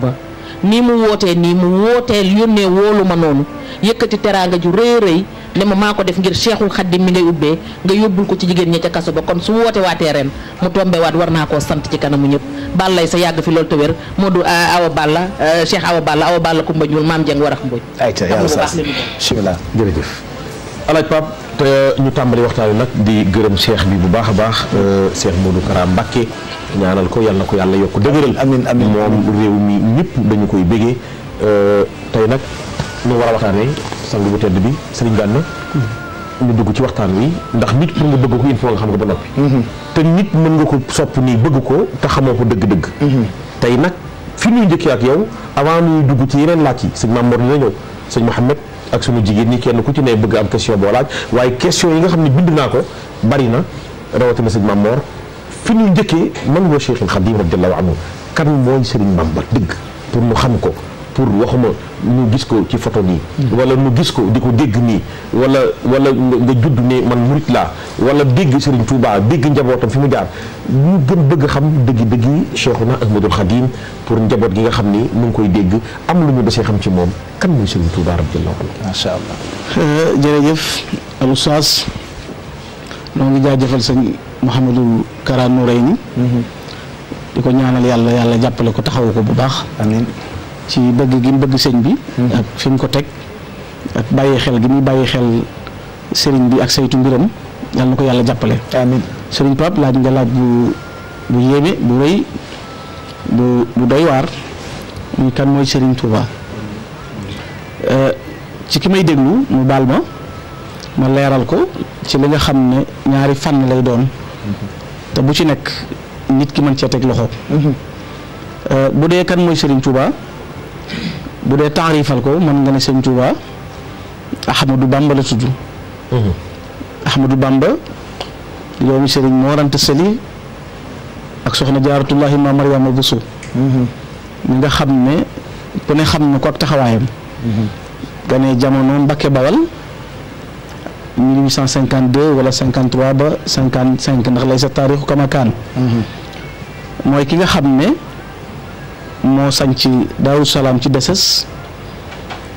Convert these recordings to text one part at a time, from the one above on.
ba nii mu wootee nii mu wootee yónnee woolu ma noonu yëkkati teraanga ju rëy rëy ne ma maa ko def ngir Cheikhul Khadim mi ngay ubbee nga yóbbul ko ci jigéen ñi ca kaso ba kon su woote waatee ren mu tombe waat war naa koo sant ci kanamu ñëpp ballay sa yàgg fi loolu te moo du euh, awa balla euh, Cheikh awa balla awa balla ku mbëj wul maam jeng warax mbëj ayta yàlla sax bismillah jërëjëf alaaj pap te ñu tàmbali waxtaan wi nag di gërëm cheikh bi bu baax a baax euh, Cheikh Modou Kara ñaanal ko yàlla na ko yàlla yokk dëgëral. amiin amiin moom réew mi ñëpp dañu koy bégee euh, tey nag ñu war a waxtaanee sang bu tedd bi Serigne Gana hmm. ñu dugg ci waxtaan wi ndax nit pour nga ko il faut xam ko ba hmm. te nit mën nga ko sopp nii bëgg ko te xamoo ko dëgg-dëgg. Hmm. tey nag fi ñuy njëkkee ak yow avant ñuy dugg ci yeneen laaj yi sëñ Maam Mor dina ñëw sëñ Mouhamed ak sunu jigéen ñi kenn ku ci ne bëgg am question boo laaj waaye question yi nga xam ne bind naa ko bari na rawatina sëñ Maam fi ñu njëkkee man wa Cheikhul Khadim radiyallahu anhu kan mooy Serigne Bamba dëgg pour ñu xam ko pour waxuma ñu gis ko ci photo nii hmm. wala ñu gis ko di ko dégg nii wala wala nga judd ne man murit laa wala dégg Serigne Touba dégg njabootam fi mu jaar ñu gën bëgg xam dëgg dëgg yi Cheikhuna Ahmadul Khadim pour njaboot gi nga xam ni mu ngi koy dégg am lu ñu desee xam ci moom kan mooy Serigne Touba radiyallahu anhu macha allah jërëjëf Oustaz noo ngi jaajëfal sëñ Mouhamadou Kara Nourayni mhm. di ko ñaanal yàlla yàlla jàppale ko taxawu ko bu baax. amiin ci bëgg gi mu bëgg sëñ bi. Mhm. ak fi ko teg ak bàyyi xel gi muy bàyyi xel sëriñ bi ak saytu mbiram yàlla na ko yàlla jàppale. amiin sëriñ Pape laaj nga laaj bu bu yéeme bu rëy bu bu muy kan mooy sëriñ Touba mhm. euh, ci ki may déglu mu baal ma ma leeral ko ci li nga xam ne ñaari fànn lay doon. te bu ci nekk nit ki mën cee teg loxo. Mhm. Euh, bu dee kan mooy Serigne Touba bu dee taarifal ko mën nga ne Serigne Touba Ahmadou Bamba la tudd. Mhm. Ahmadou Bamba di doomi Serigne Mor Anta ak soxna Jaaratullahi ma Mariama Bousso. Mhm. ñi nga xam ne ku ne xam na ko ak taxawaayam. gane jamono Mbacke Bawal. 1852 wala 53 ba 55 ndax lay sa taarixu kamakaan mhm. mooy ki nga xam ne moo sanc Daaru Salaam ci desas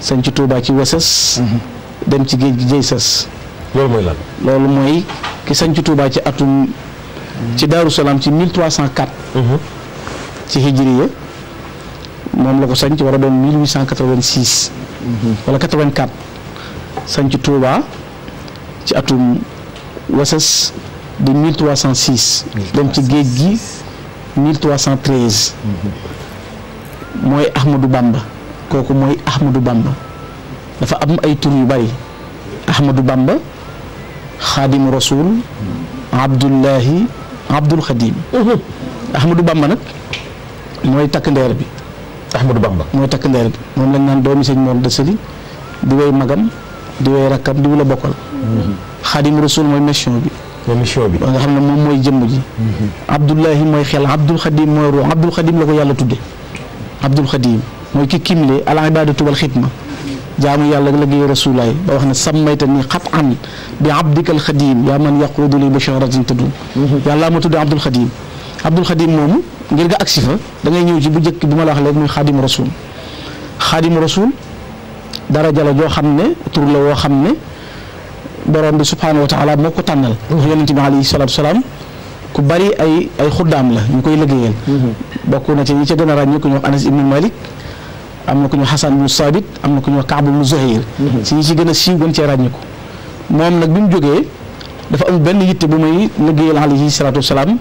sanc Touba ci wesas mhm. dem ci géej gi jëy sas loolu mooy loolu mooy ki sanc Touba ci atum ci Daaru Salaam ci 1304 mhm. ci hijriya moom la ko sanc war a doon 1886 wala 84 sanc Touba ci atum wases de 1306 dem ci géej gi 1313 mooy Ahmadou Bamba kooku mooy Ahmadou Bamba dafa am ay tur yu bari Ahmadou Bamba xaadim rasul Abdullahi Abdul Xadim Ahmadou Bamba nag mooy takk ndeer bi Ahmadou Bamba mooy takk ndeer bi moom lañ naan doomi sëñ Mor de Sëli di way magam di woy rakkam diw la bokkal. xadim rasul mooy mession bi. mission bi nga xam ne moom mooy jëmm ji. Mhm. Abdullahi mooy xel Abdul Xadim mooy ruux Abdul Xadim la ko yàlla tudde Abdul Xadim mooy ki kimle al ibadatu wal xidma jaamu yàlla liggéey rasulaay ba wax ne sammayta ni xat an bi abdikal xadim yaa man yaquudu li basharatin tadum mhm. yàlla ma tudde Abdul Xadim Abdul Xadim moomu ngir nga agsi fa da ngay ñëw ci bu njëkk bi ma la wax léegi muy xadim rasul xadim rasul. daraja la joo xam ne tur la woo xam ne borom bi subhaanahu wa taala moo ko tànnal mm-hmm. ndax yonent bi alayhi salaatu salaam ku bari ay ay xuddaam la ñu koy liggéeyal mm-hmm. bokk na ci ñi ca gën a ràññee ku ñu wax Anas ibnu Malik am na ku ñu wax Xasan ibnu Saabit am na ku ñu wax Kaab ibnu Zuhayr ci mm-hmm. ñi ci gën a siiw gën cee ràññeeku moom nag bi mu jógee dafa am benn yitte bu muy liggéeyal alayhi salaatu wasalaam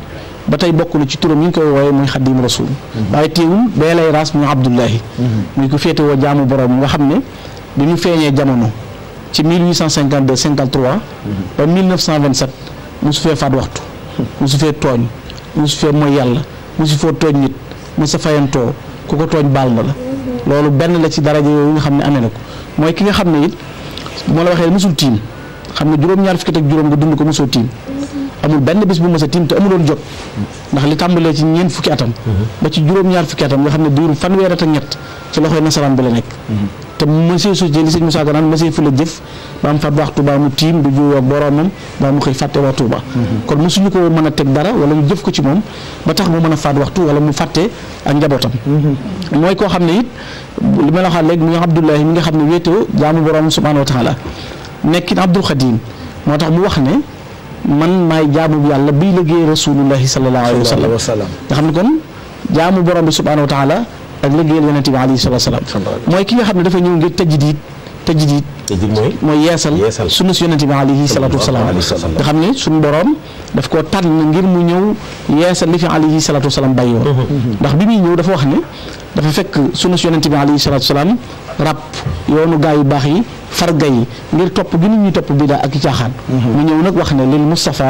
ba tey bokk na ci turam yi ñu koy wooye muy xaddiim rasul waaye teewul bee lay raas muy abdullahi muy ko féete woo jaamu borom nga xam ne bi mu feeñee jamono ci 1852 53 ba 1927 musu fee faat waxtu musu fee tooñ musu fee mooy yàlla musu foo tooñ nit musu fayantoo ku ko tooñ baal na la loolu benn la ci daraja yooyu nga xam ne amee na ko mooy ki nga xam ne it bu ma la waxee musul tiim xam ne juróom-ñaar fukki at ak juróom nga dund ko mosoo tiim amul benn bis bu mës a tiim te amuloon jot ndax li tàmbalee ci ñeent fukki atam ba ci juróom-ñaar fukki atam nga xam ne diiru fan at ak ñett ci loxoy nasaraan bi la nekk te monsieur su jëli sëñ Moussa Ganaan monsieur fu la jëf ba am fat waxtu baa mu tiim du juuyoo ak boroomam baa mu xëy fàtte waxtu ba kon mosuñu ko mën a teg dara wala ñu jëf ko ci moom ba tax mu mën a faat waxtu wala mu fàtte ak njabootam mooy koo xam ne it li ma la waxaat léegi mu nga Abdoulahi mi nga xam ne wéetoo jaamu boroom subhaanahu wa taala nekkin Abdul Xadim moo tax mu wax ne man maay jaamu yàlla biy liggéey rasulullahi sallallahu alayhi wa sallam nga xam ne kon jaamu borom bi subhanahu wa taala ak liggéeyal yonent bi alayhi salatu salaam mooy ki nga xam ne dafa ñëw ngir tajdiid tajdiid mooy yeesal sunu si yonent bi alayhi salatu wasalaam nga xam ne suñu borom daf koo tànn ngir mu ñëw yeesal li fi alayhi salatu wasalaam bàyyi woon mm-hmm, mm-hmm. ndax bi muy ñëw dafa wax ne dafa fekk sunu si yonent bi alayhi salatu wasalaam rab yoonu gaa yu baax yi farga yi ngir topp gi nit ñi topp bidaa ak caaxaan mhm. mu ñëw nag wax ne lil Mustafa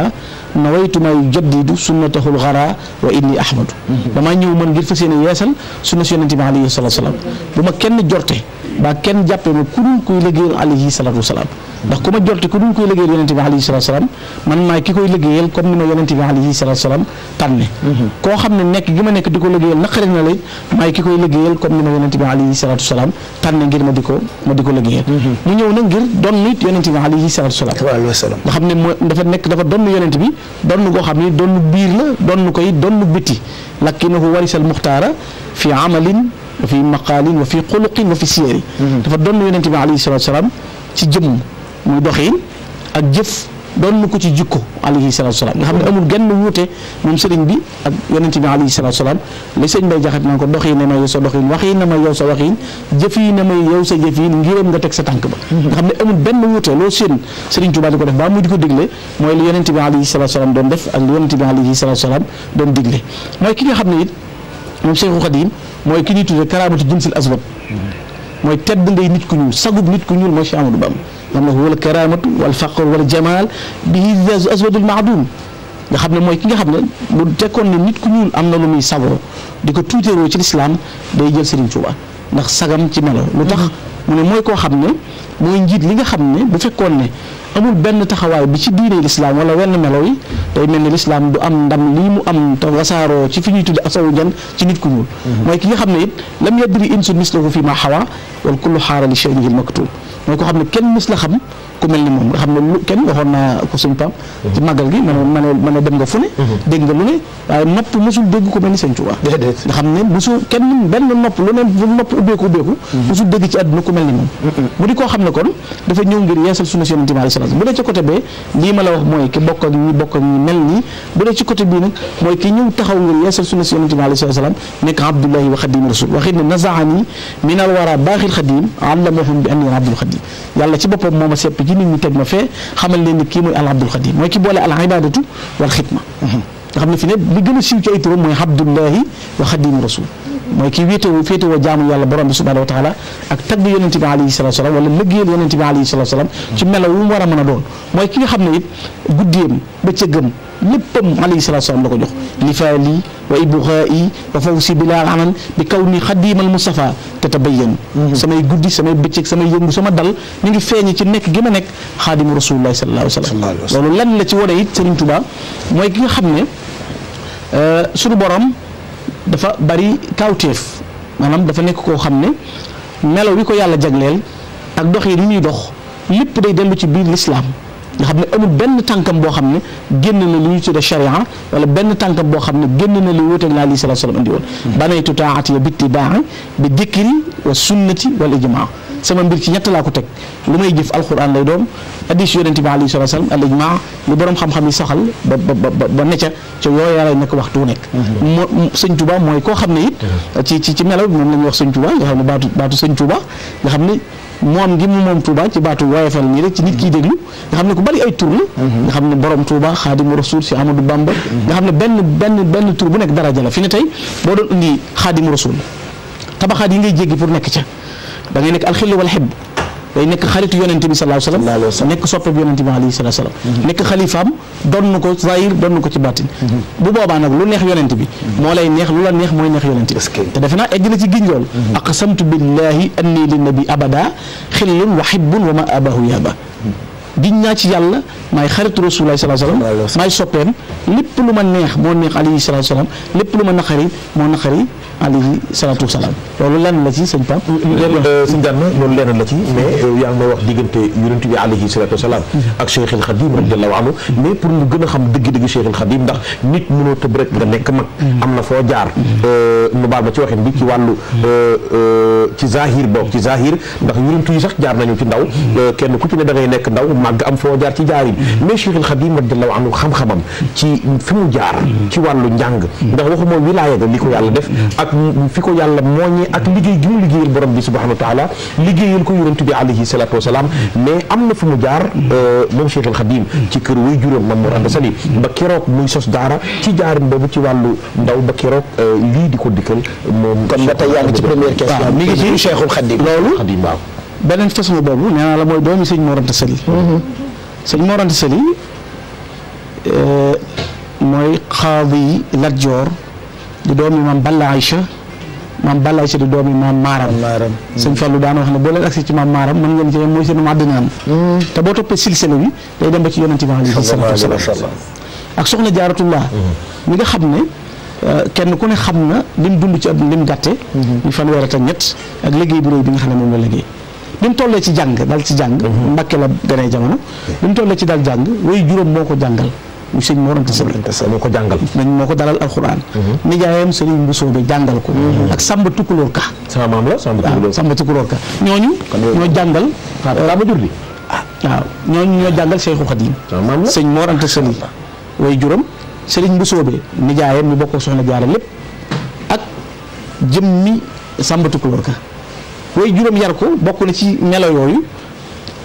nawaytuma yujaddidu sunnatahul xara wa inni ahmadu mhm. damaa ñëw man ngir fas yéene yeesal sunna si yonente bi alayhi salatu wasalaam bu ma kenn jorte ba kenn jàppee ma ku dul kuy liggéeyal alayhi salatu wasalaam ndax ku ma jorte ku dul kuy liggéeyal yonente bi koy liggéeyal comme bi alayhi salatu wasalaam tànne mhm. koo xam ne nekk gi ma nekk di ko liggéeyal naqari na la ki koy liggéeyal comme ni mu ñëw nag ngir doon nit yonent bi alayhi salaatu wa salaam nga xam ne mooy dafa nekk dafa doon yonent bi doon goo xam ni doon biir la doon koy doon biti lakinahu warisal muxtaara fi amalin wa fi maqaalin wa fi xuluqin wa fi siyari mhm. dafa doon yonent bi alayhi salaatu wa salaam ci jëmm muy doxiin ak jëf doon na ko ci jikko alayhi salatu salaam nga xam ne amul genn wuute moom sëriñ bi ak yonent bi alayhi salatu salaam li sëñ bay jaxat naan ko dox yi ne ma yow sa dox yi wax yi ne ma yow sa wax yi jëf yi ne yow sa jëf yi ngiram nga teg sa tànk ba mhm. nga xam ne amul benn wuute loolu seen sëriñ Tuubaa di ko def baa mu di ko digle mooy li yonent bi alayhi salatu salaam doon def ak li yonent bi alayhi salatu salaam doon digle mooy ki nga xam ne it moom Seexu Xadim mooy ki ñuy tuddee karaamatu mooy tedd ngay nit ku ñuul sagub nit ku ñuul mooy Cheikh Amadou Bamba moom la wala karamatu wala faqr wala jamaal bii azwadul maadum nga xam ne mooy ki nga xam ne bu tekkoon ne nit ku ñuul am na lu muy sagoo di ko tuuteeroo ci lislaam day jël Serigne Touba ndax sagam ci melo lu tax mhm. mu ne mooy koo xam ne mooy njiit li nga xam ne bu fekkoon ne amul benn taxawaay bi ci diine lislaam wala wenn melo yi day mel ni lislaam du am ndam lii mu am te wasaaroo ci fi ñuy tudde asawu jan ci nit ku ñuul mhm. mooy ki nga xam ne it lam yadri insun mislahu fi ma xawa wal kullu xaarali shaynihi l maktub mooy ko xam ne kenn mës la xam ku mel ni moom nga xam ne mhm. gi man ma dem nga fu ne mhm. dégg nga lu ne waaye nopp mosul dégg ku mel ni sëñ Tuubaa nga xam ne mosul kenn benn nopp lu ne bu nopp ubbeeku ubbeeku mosul mhm. dégg ci àdduna ku mel ni moom mu di koo xam ne kon dafa ñëw ngir yeesal sunna si yonent bi alayhi salaam bu dee ci côté bee lii ma la wax mooy ki bokk ñi bokk ñi mel nii bu dee ci côté bii nag mooy ki ñëw taxaw ngir yeesal sunna si yonent bi ne nazaani baaxil xadim allamahum bi anni abdul xadim ji yàlla ci boppam moo ma sepp ci nit ñi ma fee xamal leen ni kii mooy al abdul xadim mooy ki boole al ibadatu wal xidma mhm. nga xam ne fi ne li gën a siiw ci ay turam mooy abdullahi wa xadim mooy ki wéetewoo féetewoo jaamu yàlla borom bi subhanahu wa taala ak tagg yonente bi alayhi salatu salaam wala lëggéeyal yonente bi alayhi salatu salaam ci melo war a mën a doon ki nga xam ne it guddeem bëccëgam léppam alayhi salatu salaam la ko jox lifaali wa ibuxaa'i wa fawsi bila aman bi kaw ni xadiimal Mustafa te tabayyan mhm. samay guddi samay bëccëg samay yëngu sama dal mi ngi feeñ ci nekk gi ma nekk xaadimu rasulillahi sallallahu alayhi wa sallam loolu lan la ci wane it Serigne Touba mooy ki nga xam ne euh, sunu borom dafa bari kawteef maanaam dafa nekk koo xam ne melo wi ko yàlla jagleel ak dox yi ni ñuy dox lépp day dellu ci biir lislaam nga xam ne amul benn tànkam boo xam ne génn na lu ñu tudde sharia wala benn tànkam boo xam ne génn na lu wóoteeg laa lii salaa salaam andi woon banaytu taatiya bi ittibaa bi dikri wa sunnati walla ijmaa sama mbir ci ñett laa ko teg lu may jëf alquran lay doon addis yonente bi alayhi salatu wasalam al ijma lu borom xam-xam yi saxal ba ba ba ba necca ca yooyu yàlla nekk waxtu wu nekk. moo sëñ Touba mooy koo xam ne it. ci ci ci melaw moom la ñuy wax sëñ Touba nga xam ne baatu baatu sëñ Touba nga xam ne. moom gi mu moom Touba ci baatu woyofal nii rek ci nit kiy déglu nga xam ne ku bari ay tur la nga xam ne borom Touba xaadimu rasul si Amadou Bamba nga xam ne benn benn benn tur bu nekk daraja la fi ne tey boo doon indi xaadimu rasul tabaxaat yi ngay jéggi pour nekk ca da ngay nekk alxillu wal xibb day nekk xaritu yonente bi salaahu salaam nekk soppe bi yonente bi alayhi salatu salaam mhm. nekk xalifaam donn ko zahir donn ko ci baatin mhm. bu boobaa nag lu neex yonente bi mhm. moo lay neex lu la neex mooy neex yonente bi te defe naa egg na ci ginjool aqsamtu billahi anni linnabi abada xillun wa xibbun wa ma abahu yaba giñ naa ci yàlla maay xaritu rasulullah sallallahu alayhi soppeem lépp lu ma neex moo neex alayhi salatu wasalam lépp lu ma naqari moo naqari alayhi salatu wasalam loolu lenn la ci sëñ Pape euh, sëñ Gana loolu lenn la ci mais euh, yaa ngi ñu gën a xam dëgg-dëgg Cheikh El Khadim ndax nit mënoo tëb rek nga nekk mag am na foo jaar euh, nu baal ma ci waxin bi ci wàllu ci zahir boog ci zahir ndax yonent yi sax jaar nañu ci ndaw kenn ku ci ne da nekk ndaw màgg am foo jaar ci jaarin mais Cheikhul Khadim radiyallahu anhu xam-xamam ci fi mu jaar ci wàllu njàng ndax waxuma wilaaya ga li ko yàlla def ak fi ko yàlla mooñee ak liggéey gi mu liggéeyal borom bi subhanahu wa taala liggéeyal ko yonent bi alayhi salatu wasalaam mais am na fu mu jaar euh, moom Cheikhul Khadim ci kër way juróom Mame Mor Anta Saly ba keroog muy sos daara ci jaarin boobu ci wàllu ndaw ba keroog euh, lii di ko dikkal moom kon ba tey yaa ngi ci première question mi ngi ci Cheikhul beneen façon boobu nee naa la mooy doomi sëñ Mor Anta Sali mm-hmm. sëñ Mor Anta Sali euh, mooy xaadi Lat Joor di doomi maam Balla Aïcha maam Balla Aïcha di doomi maam Maaram daan wax ne boo leen agsi ci maam Maaram mën ngeen cee mooy seen àddinaam mm-hmm. te boo toppee silsila bi day dem ba ci yonente bi alayhi salaatu wa salaam ak soxna Jaaratullah mm-hmm. mi nga xam ne euh, kenn ku ne xam na lim dund ci àdduna lim gàtte ñu fanweer ak ñett ak liggéey bu réy bi nga xam ne moom la liggéey bi mu tollee ci jàng dal ci jàng. Mhm. Mbàkke la beneen jamono. bi mu tollee ci dal jàng way juróom moo ko jàngal. mu sëñ Mor Anta Sali moo ko jàngal dañ moo ko dalal alxuraan mhm. nijaayam sëriñ bu soobee jàngal ko mhm. ak Samba Tukulóor Ka sama maam la Samba Tukulóor Ka ñooñu ñoo jàngal ma jur bi ah, waaw ñooñu ñoo jàngal Seexu Xadim sëñ Mor Anta Sali way juróom sëriñ bu soobee nijaayam mi bokkoo soxna jaara lépp ak jëmmi Samba Tukulóor Ka way juróom yar ko bokk na ci melo yooyu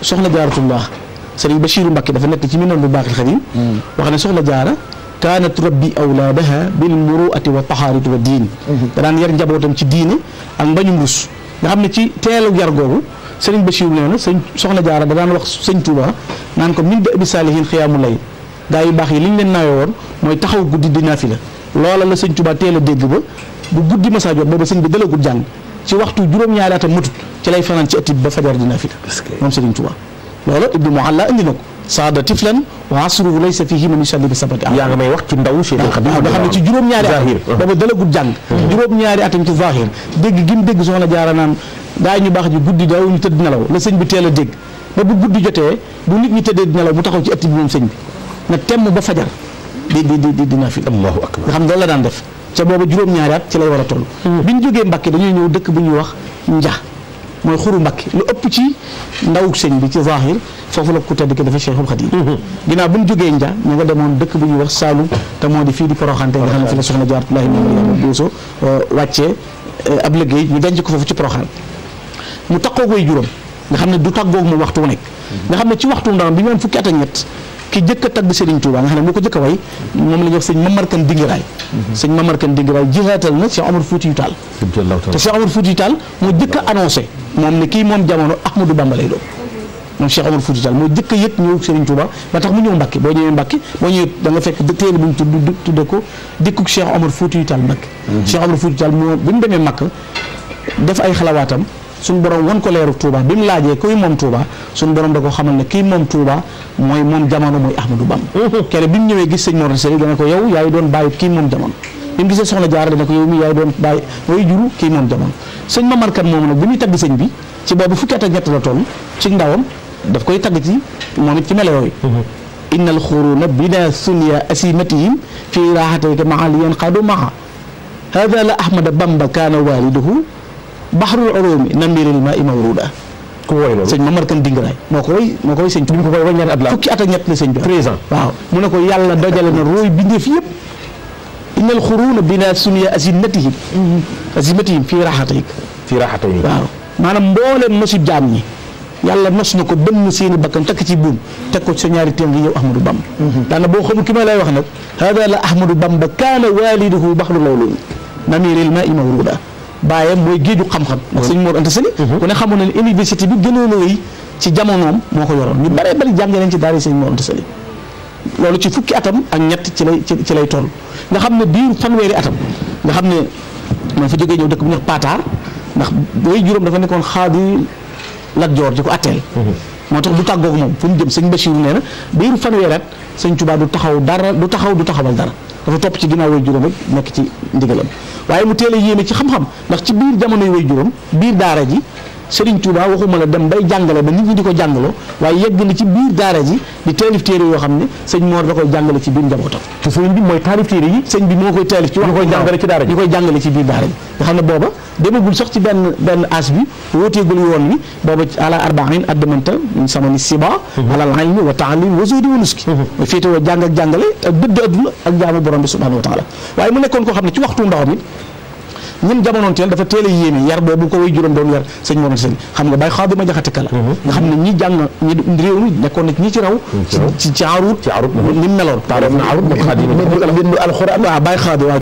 soxna jaaratullah sëriñ Bachiru Mbakke dafa nekk ci minan bu baaxil xadim hmm. wax ne soxna jaara kaanat turabbi awlaadaha bil muruati wa tahaarati wa diin hmm. daan yar njabootam ci diine ak mbañu mbus nga ci teelu yar googu sëriñ Bachiru nee na sëñ soxna jaara da daan wax sëñ Tuuba naan ko min da abi saalihin xiyaamu lay gaa yu baax yi li ñu leen naa woon mooy taxaw guddi di naafila loola la sëñ tubaa teel a dégg ba bu guddi masaa jot boobu sëñ bi dalagul jàng ci waxtu juróom-ñaari atam matut ci lay fanaan ci ëttib ba fajar di naafila moom Serigne Touba loolu Ibnu Mualla indi na ko saada tiflan wa asruhu laysa fihi man yusalli bi sabati yaa nga may wax ci ndaw Cheikh Khadim nga xam ne ci juróom-ñaari at booba dalagul jàng juróom-ñaari atam ci zahir dégg gi mu dégg soxna jaara naan gaa ñu baax ji guddi daaw ñu tëdd nelaw la sëñ bi teel a dégg ba bu guddi jotee bu nit ñi tëddee di nelaw mu taxaw ci ëtt bi moom sëñ bi na temm ba fajar di di nga la daan def ca booba juróom-ñaari ci lay war a toll. Hmm. bi ñu jógee Mbacke dañuy ñëw dëkk bu ñuy wax Nja mooy xuru Mbacke lu ëpp ci ndawu sëñ bi ci zahir foofu la ku tedd ki dafa Cheikhul Khadim. Hmm. ginnaaw bi ñu jógee Nja ñu nga demoon dëkk bu ñuy wax Saalum te moo di fii di Poroxante nga xam ne fi la soxna Jaaratullaahi Mariama Bousso euh, wàccee euh, ab liggéey ñu denc ko foofu ci Poroxaan mu takkoo koy juróom nga xam ne du tàggoog moom waxtu wu nekk. Hmm. nga xam ne ci waxtu ndaw bi ñu am fukki at ki jëkk a tagg Serigne Touba nga xam ne moo ko jëkk a way moom la ñuy wax sëñ Mamar Kan Dingiraay mhm. sëñ Mamar Kan Dingiraay jiraatal na Cheikh Omar Foutiyou Tall te Cheikh Omar Foutiyou Tall moo jëkk a annoncé moom ne kii moom jamono Ahmadou Bamba lay doon moom Cheikh Omar Foutiyou Tall moo jëkk a yëg ñëw Serigne Touba ba tax mu ñëw Mbacke boo ñëwee Mbacke boo ñëwee da nga fekk téere bu ñu tudd tudde ko dëkkuk Cheikh Omar Foutiyou Tall Mbacke mhm. Cheikh Omar Foutiyou Tall moo bi mu demee Mbacke def ay xalawaatam suñ borom won ko leeru Touba bi mu laajee kuy moom Touba suñ borom da ko xamal ne kii moom Touba mooy moom jamono mooy Ahmadou Bamba kere bi mu ñëwee gis sëñ Mor Sali dana ko yow yaay doon bàyyi kii moom jamono bi mu gisee soxna jaara dana ko yow mi yaay doon bàyyi way juru kii moom jamono sëñ Mamar Kan moom nag bu ñuy tagg sëñ bi ci boobu fukki at ak ñett la toll ci ndawam daf koy tagg ci moom it ci melo yooyu mm-hmm. innal xuruna bina sunya asimatihim fii rahatayka maa liyan xadu maa hada la ahmada bamba kaana waliduhu baxrul ulumi namirul ma'i mawruda ku woy loolu sëñ Mamar Kan Dingaraay moo ko woy moo ko woy sëñ bi ko woy ñaari at la fukki at ak ñett la sëñ bi présent waaw mu ne ko yàlla dajale na rooy bindeef yëpp innal xuruuna bina sunya azimatihim mhm. azimatihim fii raxatayik fii raxatayik waaw maanaam mbooleem nosib jaam ñi yàlla nos na ko bënn seeni bakkan takk ci buum teg ko sa ñaari teen gi yow Ahmadou Bamba mhm. daana boo xamul ki ma lay wax nag hada la Ahmadou Bamba kaana waaliduhu baxru lawlun namiril ma'i mawruda bàyyam mooy géeju xam-xam ndax sëñ Mor Anta Sali mhm. ku ne xamoon na ne université bi gënoon a rëy ci jamonoom moo ko yoroon ñu bare bari jàngee nañ ci daal sëñ Mor Anta Sali loolu ci fukki atam ak ñett ci lay ci lay toll nga xam ne biir fanweeri atam nga xam ne man fa jógee ñëw dëkk bu ñuy wax Pataar ndax booy juróom dafa nekkoon xaadi Lat Joor di ko atteel mhm. moo tax du tàggoog moom fu mu jëm sëñ Bachir nee na biir fanweeri at sëñ Tuubaa du taxaw dara du taxaw du taxawal dara dafa topp ci ginnaaw way juróom rek nekk ci ndigalam waaye mu teel a ci xam-xam ndax ci biir jamonoy way juróom biir daara ji Serigne Touba waxuma la dem bay jàngale ba nit ñi di ko jàngaloo waaye yegg na ci biir daara ji di taalif téere yoo xam ne sëñ Mor da koy jàngale ci biir njabootam. bi mooy taalif téere yi. bi moo koy taalif ci wax. ñu koy jàngale ci koy jàngale ci biir daara ji. nga xam ne booba demagul sax ci benn benn as bi wóoteegul yoon wi booba ala arbain addamanta sama ni siba. Mhm. alal ilmi wa taalim wa zuhdi wa nuski. Mhm. mu féete jàng ak jàngale ak dëdd adduna ak jaamu borom bi subhanahu wa waaye mu nekkoon koo xam ne ci waxtu ndaw mi ñim jamonoon teel dafa teel a yéeme yar boobu ko way juróom doon yar sëñ Mor Anta xam nga Baye Xaadima Jaxate Kala nga xam ne ñi jàng ñi réew mi nekkoon na ñi ci raw ci ci aarut ni mu meloon waaw Baye Xaadi waaw